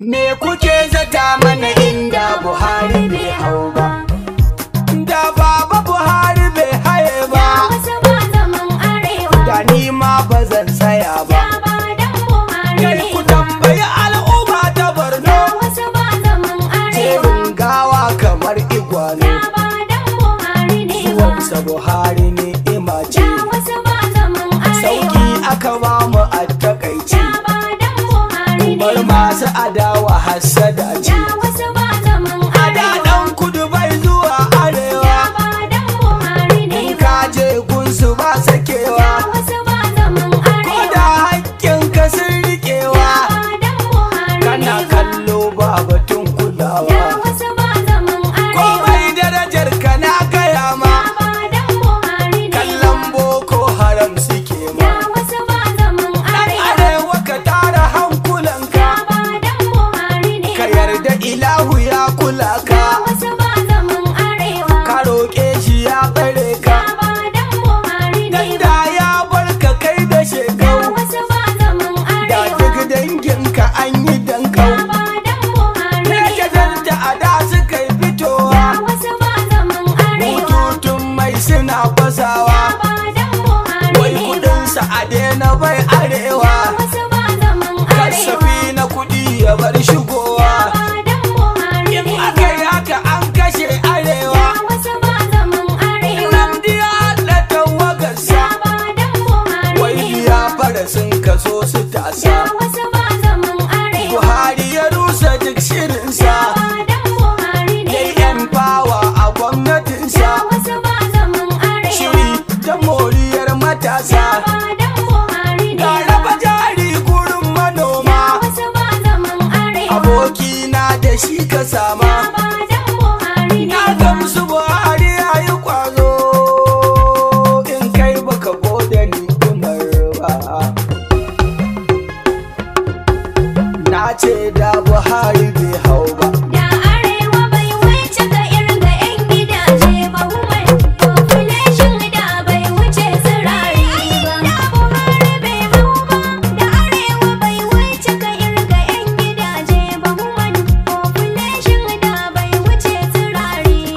Me kuke zata mana inda da kula ka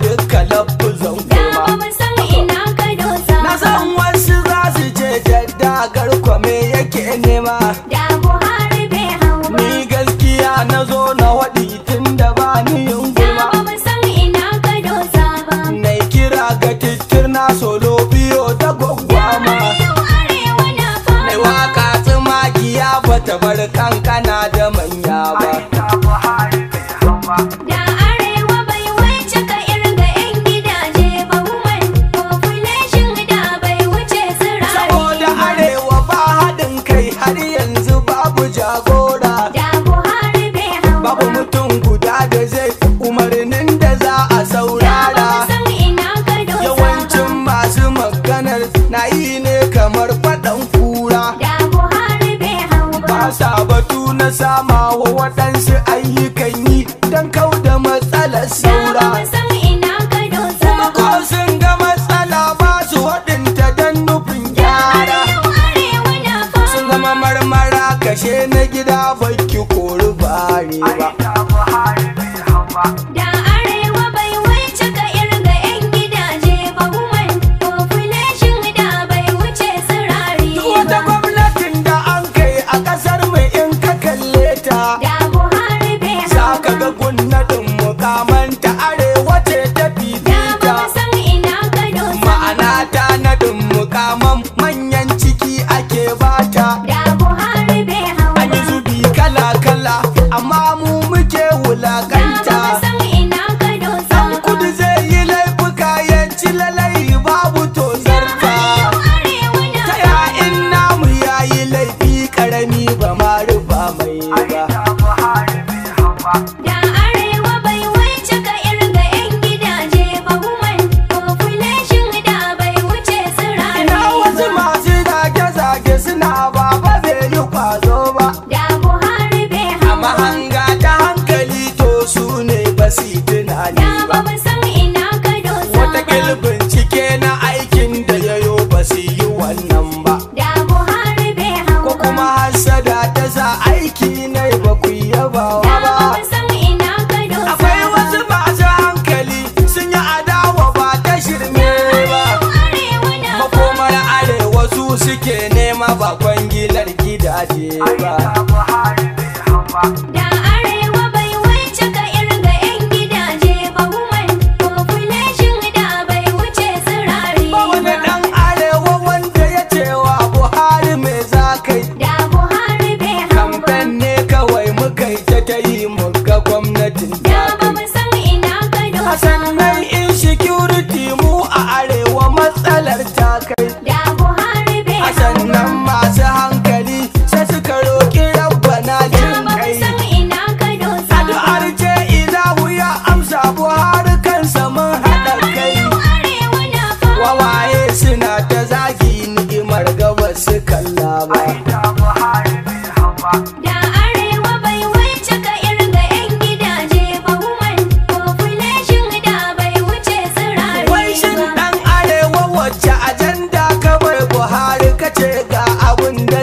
duka lafuzan kuma na san wasu za su je jadda garkwame yake nema suke nema ba kwangilar gidaje ba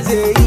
day.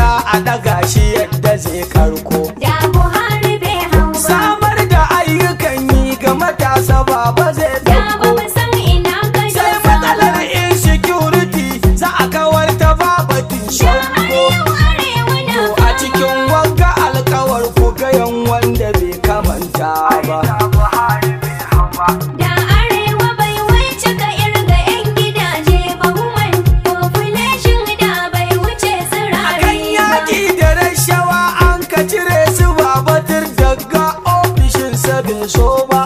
ba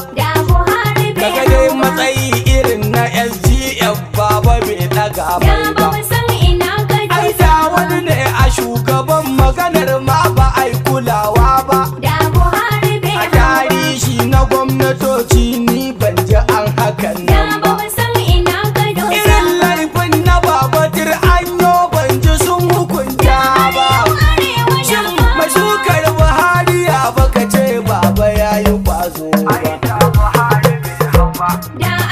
daga dai matsayi irin na sgf baba bai daga mai ba ai da wani ne a shugaban maganar ma ba ai kulawa ba da buhari a tarihi na gwamnatoci down.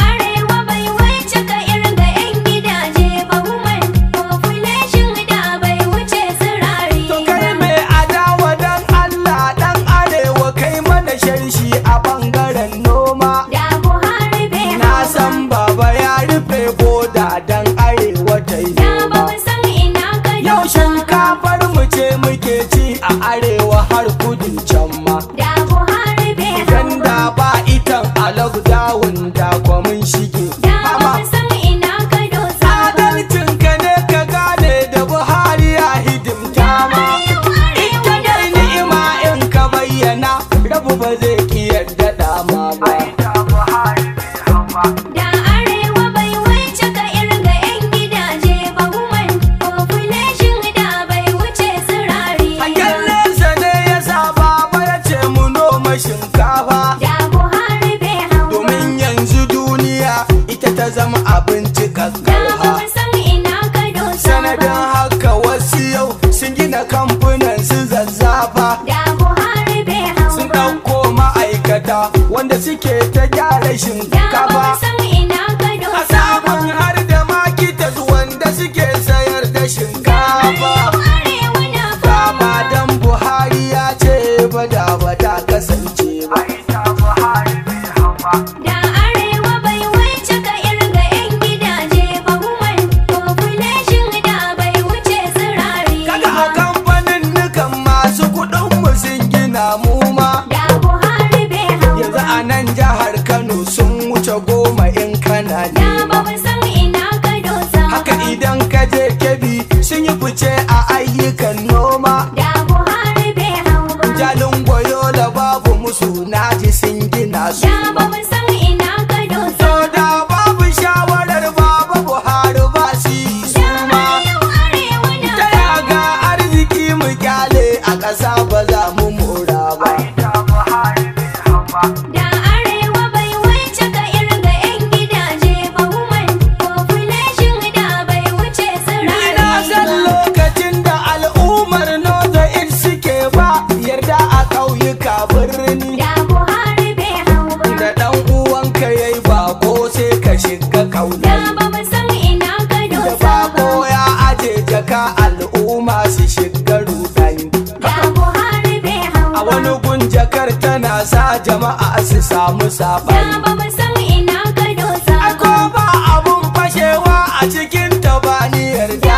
kwata kwamin shige ta zama abinci kakkarha sanadin haka wasu yau sun gina kamfanin su zazzafa sun ɗauko ma'aikata wanda suke ta gyara shinkafa matasa jama'a su samu ya ba mu san ina ka dosa ko ba abun fashewa a cikin tabaniyar ba